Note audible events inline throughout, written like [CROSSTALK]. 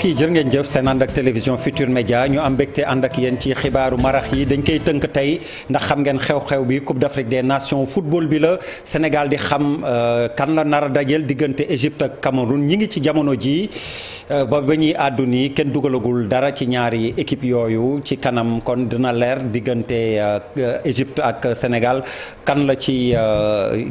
mbokk yi ngeen jëf seen ak télévision Futur Média ñu am mbégte ànd ak yéen ci xibaaru marax yi dañ koy tënk tey ndax xam ngeen xew-xew bi Coupe d'Afrique des Nations football bi la Sénégal di xam euh, kan la nar a dajeel diggante Égypte ak Cameroun ñi ngi ci jamono jii euh, ba ba ñi àddu ni kenn dugalagul dara ci ñaari équipe yooyu ci kanam kon dina leer diggante euh, Égypte ak Sénégal kan la ci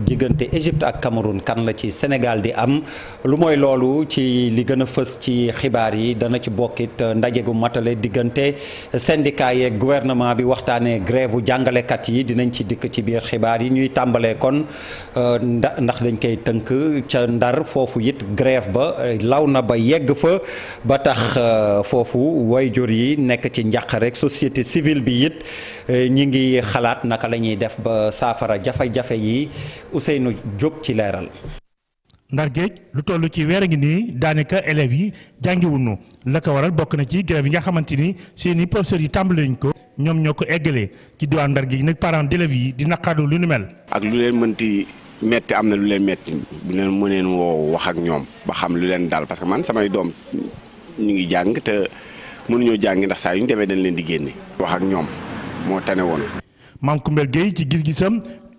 diggante Égypte ak Cameroun kan la ci Sénégal di am lu mooy loolu ci li gën a fës ci xibaar yi yi dana ci bokkit euh, ndaje gu matale diggante euh, syndicat yeeg gouvernement bi waxtaanee grève u jàngalekat yi dinañ ci dikk ci biir xibaar yi ñuy tàmbalee kon euh, ndax dañ koy tënk ca ndar foofu yit grève ba law na ba yegg fa ba tax foofu wayjur yi nekk ci njàq rek société civile bi it ñi ngi xalaat naka la ñuy def ba saafara jafe-jafe yi Ousseynou Diop ci leeral ndar géej lu toll ci weer a ngi nii daanaka élèves yi jàngiwunu la ko waral bokk na ci grève yi nga xamante ni seeni professeurs yi tàmbali nañ ko ñoom ñoo ko eggalee ci diwaan ndar géej nag parents d'élèves yi di naqarlu lu nu mel. ak lu leen mënti metti am na lu leen metti bu leen mëneen woo wax ak ñoom ba xam lu leen daal parce que man samay doom ñu ngi jàng te mënuñoo jàng ndax saa yu ñu demee dañ leen di génne. wax ak ñoom moo tane woon. Mame Koumbel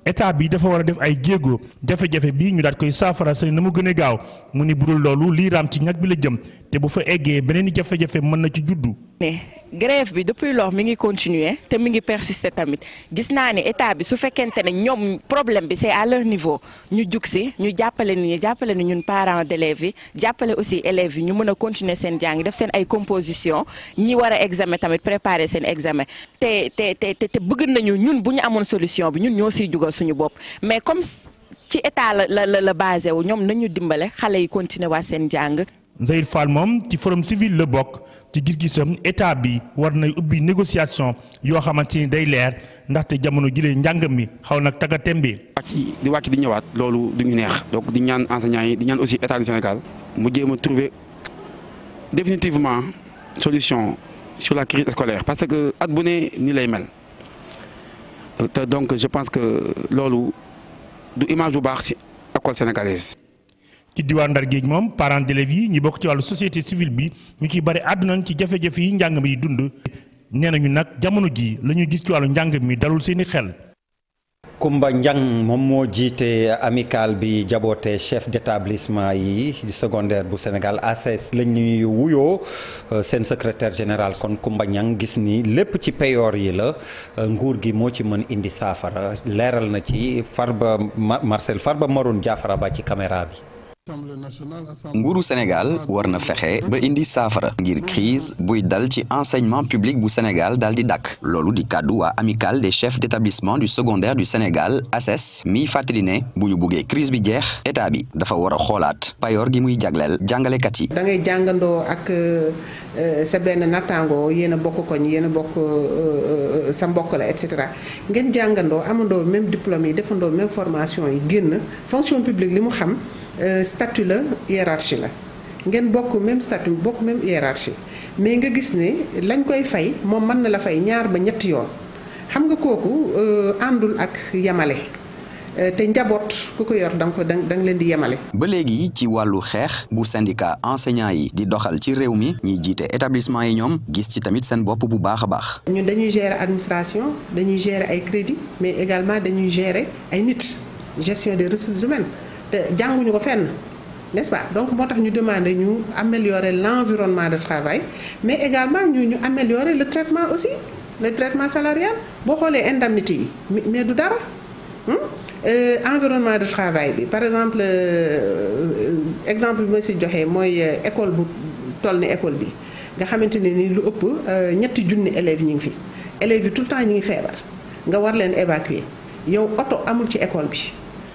état bi dafa war a def ay jéego jafe-jafe bii ñu daal koy saafara seen na mu gën a gaaw mu ni budul loolu lii raam ci ñag bi la jëm te bu fa eggee beneen i jafe-jafe mën na ci juddu. mais grève bi depuis lors mi ngi continuer te mi ngi persister tamit gis naa ne état bi su fekkente ne ñoom problème bi c'est à niveau ñu jug si ñu jàppale ni ñu jàppale ni ñun parents d'élèves yi jàppale aussi élèves yi ñu mën a continuer seen jàng def seen ay composition ñi war a examen tamit préparer seen examen te te te te bëgg nañu ñun bu ñu amoon solution bi ñun ñoo si jugal suñu bopp mais comme ci état la la la basé wu ñoom nañu dimbale xale yi continuer waa seen jàng. Zahir Fall moom ci forum civil la bokk ci gis-gisam état bi war na ubbi négociation yoo xamante ni day leer ndaxte jamono jile njàngam mi xaw nag tagatem bi. di wàcc di ñëwaat loolu du ñu neex donc di ñaan enseignants yi di ñaan aussi état du Sénégal mu jéem a trouver définitivement solution sur la crise scolaire parce que at bu ne ni lay mel donc je pense que loolu du image bu baax ci école sénégalaise. ci diwaan moom parents d'élèves yi ñi bokk ci wàllu société civile bi ñu ciy bari àddunañ ci jafe-jafe yi njàng mi dund nee nañu nag jamono ji la ñuy gis ci wàllu njàng mi dalul seeni xel. Kumba Njang moom moo jiite amicale bi jaboote chef d'établissement yi secondaire bu Sénégal ACS la ñuy wuyoo euh, seen secretaire général kon Kumba Njang gis ni lépp ci peyoor yi la euh, nguur gi moo ci mën indi saafara leeral na ci far Farba Marcel Farba Maroun Jaafara ba ci caméra bi nguuru Sénégal war na fexe ba indi saafara ngir crise buy dal ci enseignement public bu Sénégal daal di dàkk loolu di kàddu waa amicale des chefs d'établissement du secondaire du Sénégal ACES e miy fàttali ne bu ñu buggee crise bi jeex état bi dafa war a xoolaat payoor gi muy jagleel jàngalekat yi. da ngay jàngandoo ak euh, sa benn nattaangoo yéen a bokk koñ yéen a bokk euh, euh, sa mbokk la et cetera ngeen jàngandoo amandoo même diplôme yi defandoo même formation yi génn fonction li mu xam. Euh, statut la hiérarchie la ngeen bokk même statut bokk même hiérarchie mais nga gis ne lañ koy fay moom mën na la fay ñaar ba ñetti yoon xam nga kooku euh, àndul ak yamale euh, te njaboot ku ko yor danga ko da nga leen di yemale. ba léegi ci wàllu xeex bu syndicat enseignants yi di doxal ci réew mi ñuy jiite établissement yi ñoom gis ci tamit seen bopp bu baax a baax. ñun dañuy gérer administration dañuy gérer ay crédit mais également dañuy gérer ay nit gestion des ressources humaines. te jànguñu ko fenn nest pas donc moo tax ñu demander ñu améliorer l'environnement de travail mais également ñu ñu améliorer le traitement aussi le traitement salarial boo xoolee indemnité yi mais du dara hmm? euh, environnement de travail bi par exemple euh, exemple bi ma si joxee mooy euh, école bu toll ne école bi nga xamante ne ni lu ëpp ñetti junni élèves ñu ngi fi élèves yi tout temps ñu ngi feebar nga war leen évacuer yow oto amul ci école bi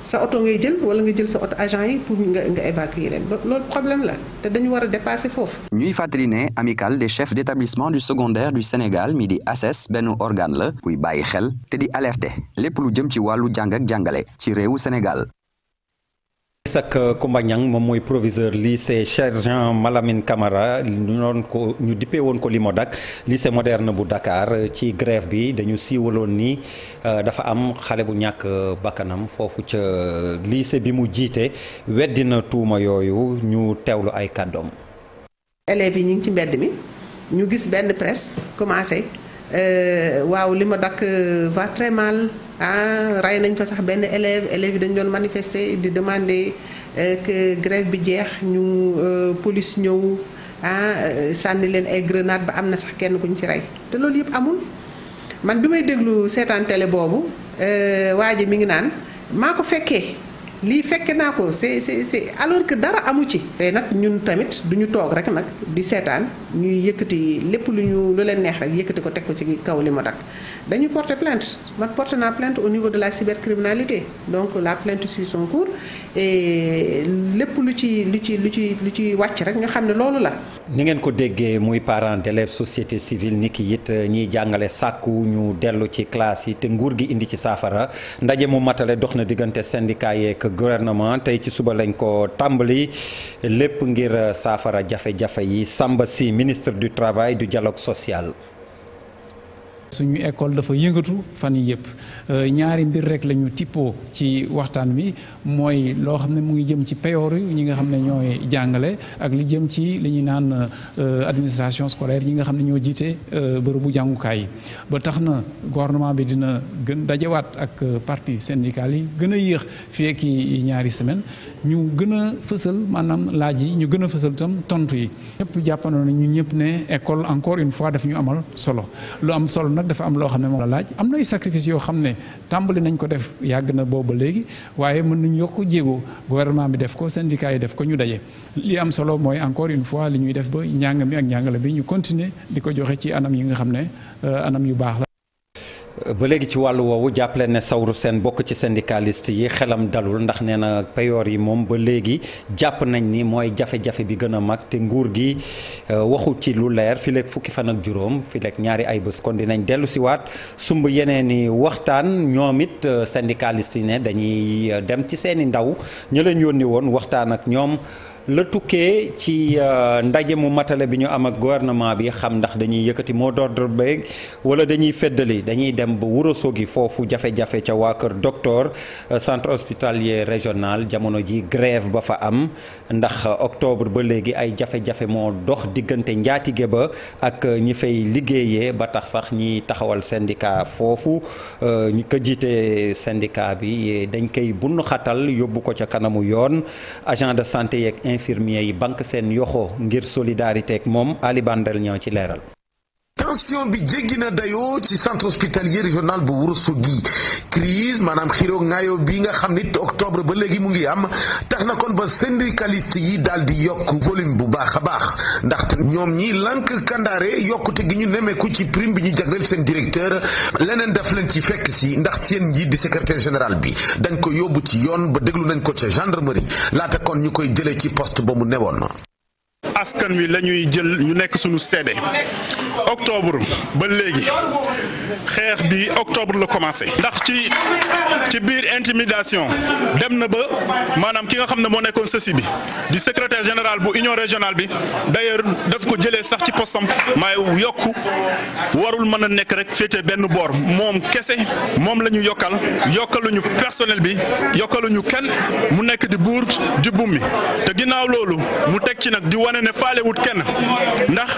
sa oto ngay jël wala nga jël sa oto agent yi pour nga nga évacuer leen loolu problème la te dañu war a dépasser foofu. ñuy fàttali ne amicale des chefs d' établissement du secondaire du Sénégal mi di ACES e benn organe la buy bàyyi xel te di alerter lépp lu jëm ci wàllu jàng ak jàngale ci réewu Sénégal. Isaac euh, Koumba Niang moom mooy proviseur lycée sergent Malamine Camara ñu doon ko ñu dippee woon ko Limodak lycée moderne bu Dakar euh, ci grève bi dañu siiwaloon ni euh, dafa am xale bu ñàkk bakkanam foofu ca liise bi mu jiite weddina tuuma yooyu ñu teewlu ay kàddoom élèves yi ñu ci mbedd mi ñu gis benn presse commencé Euh, waaw li ma dakk euh, va très ah rey nañ fa sax benn élève élèves yi dañu doon manifester di demander euh, que grève bi jeex ñu police ñëw ah sànni leen ay grenade ba am na sax kenn ku ñu ci rey te loolu yëpp amul man bi may déglu seetaan télé boobu waa ji mi ngi naan maa ko fekkee lii fekke naa ko c'est c'est alors que dara amu ci. tey nag ñun tamit du ñu toog rek nag di seetaan ñuy yëkkati lépp lu ñu lu leen neex rek yëkkati ko teg ko ci kaw li ma dakk dañu porter plainte man porté naa plainte au niveau de la cybercriminalité donc la plainte suit son cours et lépp lu ci lu ci lu ci lu ci wàcc rek ñu xam ne loolu la. ni ngeen ko déggee muy parents d'élèves société civile ni ki it eh, ñiy jàngale sàkku ñu dellu ci classe yi te nguur gi indi ci saafara ndaje mu matale dox na diggante syndicat yeeg gouvernement tey ci suba lañ ko tàmbali lépp ngir eh, saafara jafe-jafe yi Samba Sy ministre du travail du dialogue social suñu école dafa yëngatu fan yi yëpp euh, ñaari mbir rek la ñu tippoo ci waxtaan wi mooy loo xam ne mu ngi jëm ci peyoor yi ñi nga xam ne ñoo jàngale ak li jëm ci li ñuy naan euh, administration scolaire ñi nga xam ne ñoo jiite euh, bërëbu jàngukaay yi ba tax na gouvernement bi dina gën dajewaat ak parti syndical yi gën a yéex fii ñaari semaine ñu gën a fësal maanaam laaj yi ñu gën a fësal tontu yi ñëpp jàppandoo na ñu ñëpp ne école encore une fois daf ñu amal solo nag dafa am loo xam ne moom la laaj am na ay sacrifice yoo xam ne tàmbali nañ ko def yàgg na boobu ba léegi waaye mën nañ yokk jéego gouvernement bi def ko syndicat yi def ko ñu daje. li am solo mooy encore une fois li ñuy def ba njàng mi ak njàngale bi ñu continuer di ko joxe ci anam yi nga xam ne euh, anam yu baax la. ba léegi ci wàllu woowu jàppale na Saourou seen bokk ci syndicaliste yi xelam dalul ndax nee na payoor yi moom ba léegi jàpp nañ ni mooy jafe-jafe bi gën a mag te nguur gi euh, waxu ci lu leer fi fukki fan ak juróom fi leeg ñaari ay bés kon dinañ dellu si waat sumb yeneen i waxtaan ñoom it euh, syndicaliste yi ne dañuy euh, dem ci seen i ndaw ñu leen yónni woon waxtaan ak ñoom la tukkee ci euh, ndaje mu matale bi ñu am ak gouvernement bi xam ndax dañuy yëkkati mot d'ordre beeg wala dañuy feddali dañuy dem ba wurasoo gi foofu jafe-jafe ca waa kër docteur euh, centre hospitalier régional jamono ji grève ba fa am ndax euh, octobre ba léegi ay jafe-jafe moo dox diggante njaatige ba ak ñi fay liggéeyee ba tax sax ñi taxawal syndicat foofu ñu ko jiite syndicat bi dañ koy bunn yóbbu ko ca kanamu yoon agent de santé yeeg infirmier yi banque seen yoxoo ngir solidarité ak moom Ali Bandel ñoo ci leeral. tension bi jéggi na dayoo ci centre hospitalier régional bu Ourossogui crise maanaam xiroo ngaayo bi nga xam ni octobre ba léegi mu ngi am tax na kon ba syndicaliste yi daal di yokk volume bu baax a baax ndaxte ñoom ñi lank kandaare yokkute gi ñu nemeeku ci prime bi ñu jagleel seen directeur leneen def leen ci fekk si ndax seen njiit di secrétaire général bi dañ ko yóbbu ci yoon ba déglu nañ ko ca gendarmerie laata kon ñu koy jëlee ci poste ba mu newoon askan wi la ñuy jël ñu nekk suñu seede octobre ba léegi xeex bi octobre la commencé. ndax ci ci biir intimidation dem na ba maanaam ki nga xam ne moo nekkoon sësi bi di secretaire général bu union régionale bi d'ailleurs daf ko jëlee sax ci postam maay yokk warul mën a nekk rek féete benn boor moom kese moom la ñu yokkal yokkaluñu personnel bi yokkaluñu kenn mu nekk di buur di bummi te ginnaaw loolu mu teg ci nag di wane wane ne faalewut kenn ndax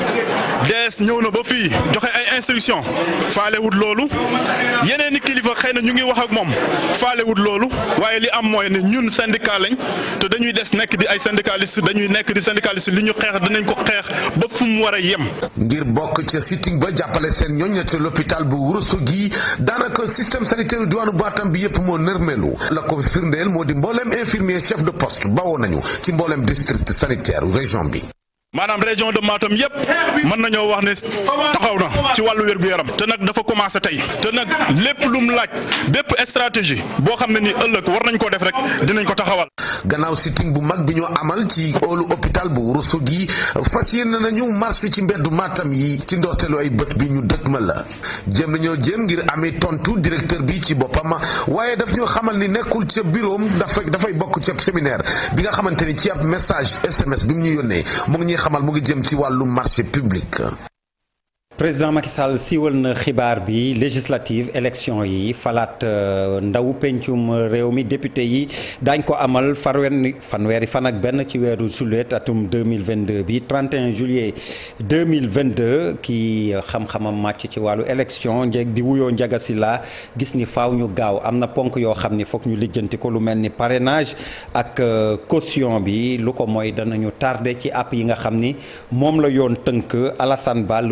dees ñëw na ba fii joxe ay instruction faalewut loolu yeneen i kilifa xëy na ñu ngi wax ak moom faalewut loolu waaye li am mooy ne ñun syndicat lañ te dañuy des nekk di ay syndicaliste dañuy nekk di syndicaliste li ñu xeex danañ ko xeex ba fu mu war a yem. ngir bokk ca sitting ba jàppale seen ñooñ te l'hôpital bu Ourossogui daanaka système sanitaire diwaanu Batam bi yëpp moo nërmeelu la ko firndeel moo di mbooleem infirmier chef de bawoo nañu ci mbooleem district sanitaire région bi maanaam région de Matam yëpp mën nañoo wax ne taxaw na ci wàllu wér-gu-yaram te nag dafa commencé tey te nag lépp lu laaj bépp stratégie boo xam ne ni ëllëg war nañ ko def rek dinañ ko taxawal gannaaw sitting bu mag bi ñoo amal ci óolu hôpital bu Ourossogui fas yéene nañu marché ci mbeddu Matam yi ci ndorteelu ay bés bi ñu ma la jëm nañoo jëm ngir amee tontu directeur bi ci boppam waaye daf ñu xamal ni nekkul ca bureau dafa dafay bokk ca seminaire bi nga xamante ni ci ab message SMS bi mu ñu yónnee mu ngi ñuy xamal mu ngi jëm ci wàllu marché public président Macky Sall siiwal na xibaar bi législative élection yi falaat euh, ndaw pencum réew mi député yi dañ ko amal farwen fanweeri fan ak benn ci weeru juillet atum 2022 bi 31 juillet 2022 ki euh, xam-xamam màcc ci wàllu élection njëg di wuyoo njaga si la gis ni faaw ñu gaaw am na ponk yoo xam ni foog ñu lijjanti ko lu mel ni parrainage ak euh, costion bi lu ko moy mooy danañu tardé ci app yi nga xam ni moom la yoon tënk Alassane Ba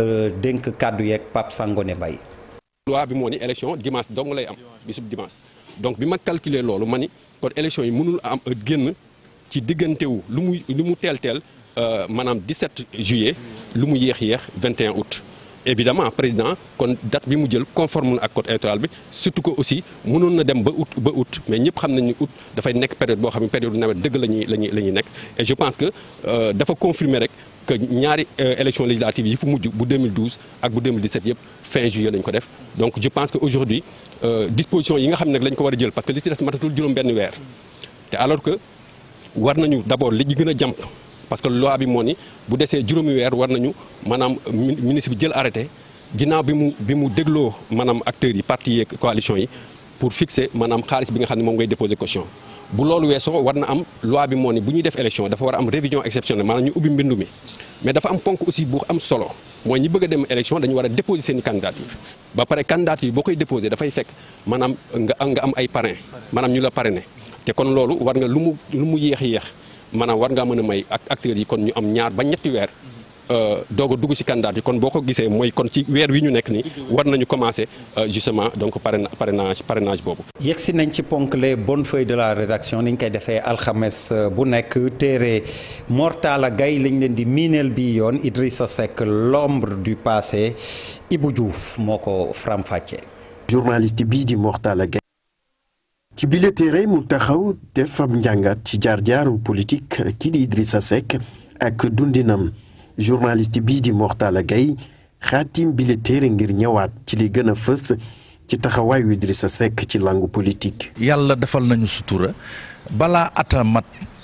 dénk kàddu yeeg Pape Sangone Mbaye loi bi moo ni élection dimanche lay am bisub dimanche donc bi ma calculer loolu ma ni kon élection yi mënul am euh, génn ci diggantewu lu muy lu mu teel teel euh, maanaam 17 juillet lu mu yéex yéex 21 août. évidemment président kon date bi mu jël conforme ak code électoral bi surtout que aussi mënoon na dem ba ut ba ut mais ñëpp xam nañ ni août dafay nekk période boo xam ne période nawet dëgg la ñuy la ñuy la ñuy nekk je pense que euh, dafa confirmer rek que ñaari euh, élection législative yi fu mujj bu 2012 ak bu 2017 yëpp fin juillet lañ ko def donc je pense que aujourd'hui euh, disposition yi nga xam ne lañ ko war a jël parce que li ci des matatul juróom benn weer te alors que war nañu d'abord li ci gën a jàmp parce que loi bi moo ni bu desee juróomi weer war nañu maanaam ministre bi jël arrêté ginnaaw bi mu bi mu dégloo maanaam acteurs yi partis yi coalition yi pour fixer maanaam xaalis bi nga xam ne moom ngay déposer caution bu loolu weesoo war na am loi bi moo ni bu ñuy def élection dafa war a am révision exceptionnelle a ñu ubbi mbindu mi mais dafa am ponk aussi bu am solo mooy ñi bëgg a dem élection dañu war a déposer seen candidature ba pare yi boo koy déposer dafay fekk maanaam nga nga am ay parrain maanaam ñu la pare parrainé te kon loolu war nga lu mu lu mu yéex yéex maanaam war ngaa mën a may ak acteurs yi kon ñu am ñaar ba ñetti weer Euh, doog a dugg ci candidat yi kon boo ko gisee mooy kon ci weer wi ñu nekk ni war nañu commencer euh, justement donc parrainage parrainage boobu. yegg si nañ ci ponk les bonnes feuilles de la rédaction ni ñu koy defee alxames euh, bu nekk téere Mortala Gaye lañ leen di miineel bi yoon Idrissa sekk l'ombre du passé Ibou Diouf moo ko framfàcce fàccee journaliste bii di Mortala Gaye ci bile téere mu taxaw def njàngat ci jaar jaaru politique kii di a Seck ak dundinam. journaliste bii di Mor Talla Gaye xaatim bi téere ngir ñëwaat ci li gën a fës ci taxawaayu Idrissa Seck ci langue politique. yàlla defal nañu sutura balaa ata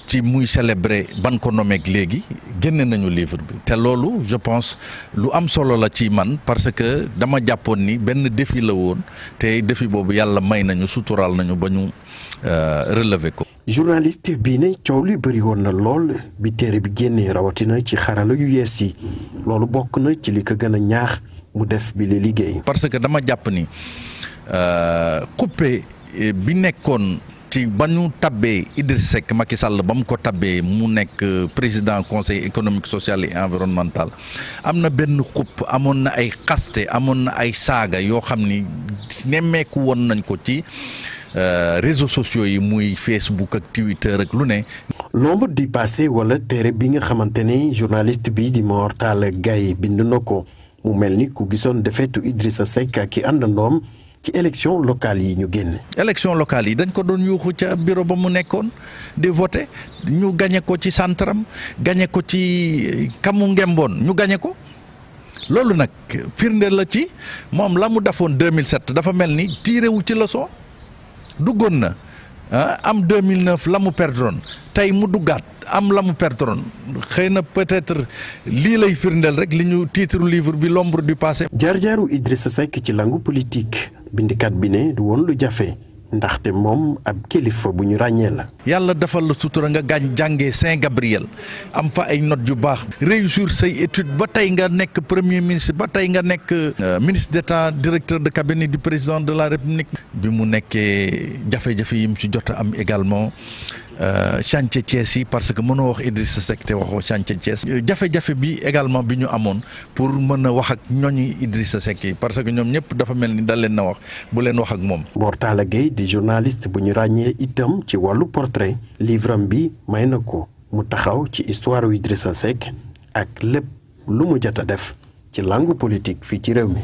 ci muy célébrer ban ko nomeeg léegi génne nañu livre bi te loolu je pense lu am solo la ci man parce que dama jàppoon ni benn défi la woon te défi boobu yàlla may nañu suturaal nañu ba ñu euh, relever ko. journaliste bii ne coow li bëri na lool bi téere bi génnee rawatina ci xarala yu yees yi loolu bokk na ci li ko gën a ñaax mu def bi li liggéey. parce que dama jàpp ni euh, coupé eh, bi nekkoon ci ba ñu tabbee Idriss Seck Macky Sall ba mu ko tabbee mu nekk euh, président conseil économique social et environnemental am na benn xupp amoon na ay xaste amoon na ay saaga yoo xam ni nemmeeku woon nañ ko ci. Euh, réseau sociaux yi muy Facebook ak Twitter ak lu ne. nombre di passé wala téere bi nga xamante ne journaliste bi di Mor Talla Gaye bind na ko mu mel ni ku gisoon defeetu Idrissa Seck ak ki àndandoom ci élection locale yi ñu génn. élection locale yi dañ ko doon yuuxu ca bureau ba mu nekkoon di voté ñu gañe ko ci santram gañe ko ci kamu ngemboon ñu gañe ko loolu nag firnde la ci moom la mu defoon 2007 dafa mel ni tiré wu ci leçon duggoon na ah, am 2009 la mu perdroon tey mu duggaat am la mu perdroon xëy na peut-être lii lay firndeel rek li ñu titre livre bi l'ombre du passé. jaar jaaru Idrissa Seck ci langu politique bindikat bi ne du woon lu jafe. ndaxte moom ab kilifa bu ñu ràññee la. yàlla defal la sutura nga gaañ jàngee Saint Gabriel am fa ay notes yu baax réussir say études ba tey nga nekk premier ministre ba tey nga nekk euh, ministre d'état directeur de cabinet du président de la république. bi mu nekkee jafe-jafe yi mu ci jot am également. Euh, chantier Thiès yi parce que mënoo wax Idrissa Seck te waxoo chantier Thiès euh, jafe-jafe bi également bi ñu amoon pour mën a wax ak ñooñu Idrissa Seck yi parce que ñoom ñëpp dafa mel ni dal leen na wax bu leen wax ak moom. Mor Talla Gueye di journaliste bu ñu ràññee itam ci wàllu portrait livre bi may na ko mu taxaw ci histoire wu Idrissa Seck ak lépp lu mu jot a def ci langue politique fii ci réew mi.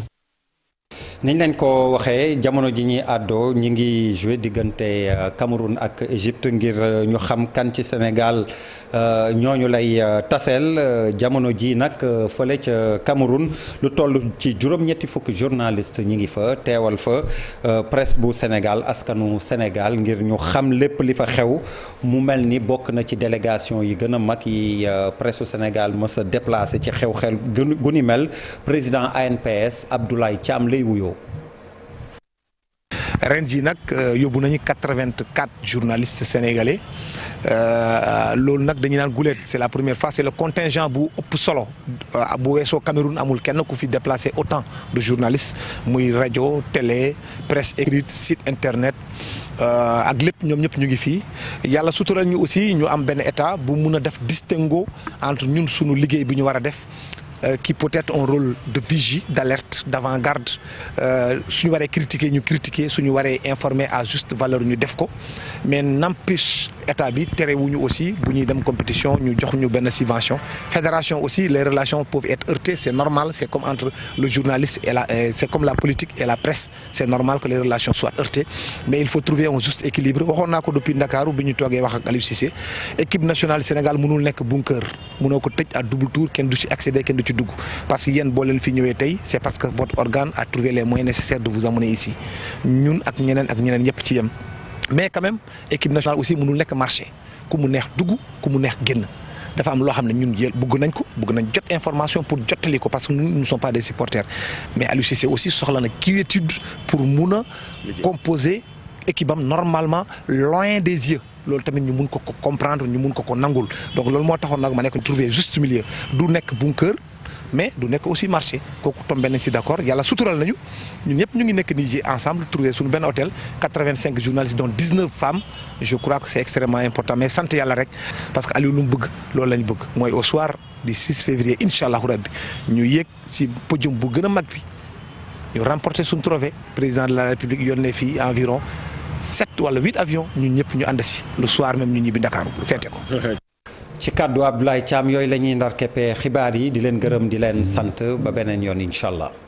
niñ leen ko waxee jamono ji ñuy àddoo ñi ngi joué diggante euh, Cameroun ak Égypte ngir euh, ñu xam kan ci Sénégal euh, ñooñu lay taseel jamono ji nag fële ca Cameroun lu toll ci juróom-ñetti fukki journaliste ñi ngi fa teewal fa presse bu Sénégal askanu Sénégal ngir ñu xam lépp li fa xew mu mel ni bokk na ci délégation yi gën a mag yi presse Sénégal mës a déplacé ci xew-xew gu ni mel président ANPS Abdoulaye Thiam lay wuyoo ren ji nag euh, yóbbu nañu quatre-vingt-quatre journalistes sénégalais euh, loolu nag dañu naan guleet c'est la première fois c'est le contingent bu ëpp solo euh, bu weesoo Cameroun amul kenn ku fi déplacé autant de journalistes muy rajo télé presse écrite site internet ak lépp ñoom ñëpp ñu ngi fii yàlla sutural ñu aussi ñu am benn état bu mun a def distinguo entre ñun sunu liggéey bi ñu war a def Euh, qui peut-être ont rôle de vigie d'alerte d'avant-garde euh, suñu waree critiquer ñu critiquer suñu waree informer à juste valeur ñu def ko mais n'empêche état bi terewuñu aussi bu ñuy dem compétition ñu jox ñu benn subvention fédération aussi les relations peuvent être heurtées c'est normal c'est comme entre le journaliste et la euh, c'est comme la politique et la presse c'est normal que les relations soient heurtées mais il faut trouver un juste équilibre waxoon depuis nekk bunker mënoo ci dugg parce que yéen boo leen fi ñëwee tey c'est parce que votre organe a trouvé les moyens nécessaires de vous amener ici ñun ak ñeneen ak ñeneen yëpp ci yem mais quand équipe nationale aussi mënul nekk marché ku mu neex dugg ku mu neex génn dafa am loo xam ne ñun yël bëgg nañ ko bëgg nañ jot information pour jottali ko parce que nous ne sommes pas des supporters mais Aliou Cissé aussi soxla na quiétude pour mun a composer équipe am normalement loin des mun ko ko comprendre ñu mun ko ko nangul donc moo taxoon nag ma nekk mais du nekk aussi marché kooku tombé nañ si d' accord yàlla sutural nañu ñun ñëpp ñu ngi nekk nii ji ensemble trouver suñu benn hôtel 85 journalistes dont 19 femmes je crois que c' est extrêmement important mais sant yàlla rek parce que Aliou bëgg loolu la ñu bëgg mooy au soir du février incha allahu rabbi ñu yéeg si podium bu gën a mag bi ñu remporter suñu trophée président de la république yónnee fii environ sept wala huit avions ñun ñëpp ñu ànd si le soir même ñu ñibbi Ndakaaru féete ko. [LAUGHS] ci kàddu Abdoulaye Thiam yooyu la ñuy ndar keppee xibaar yi di leen gërëm di leen sant ba beneen yoon incha allah.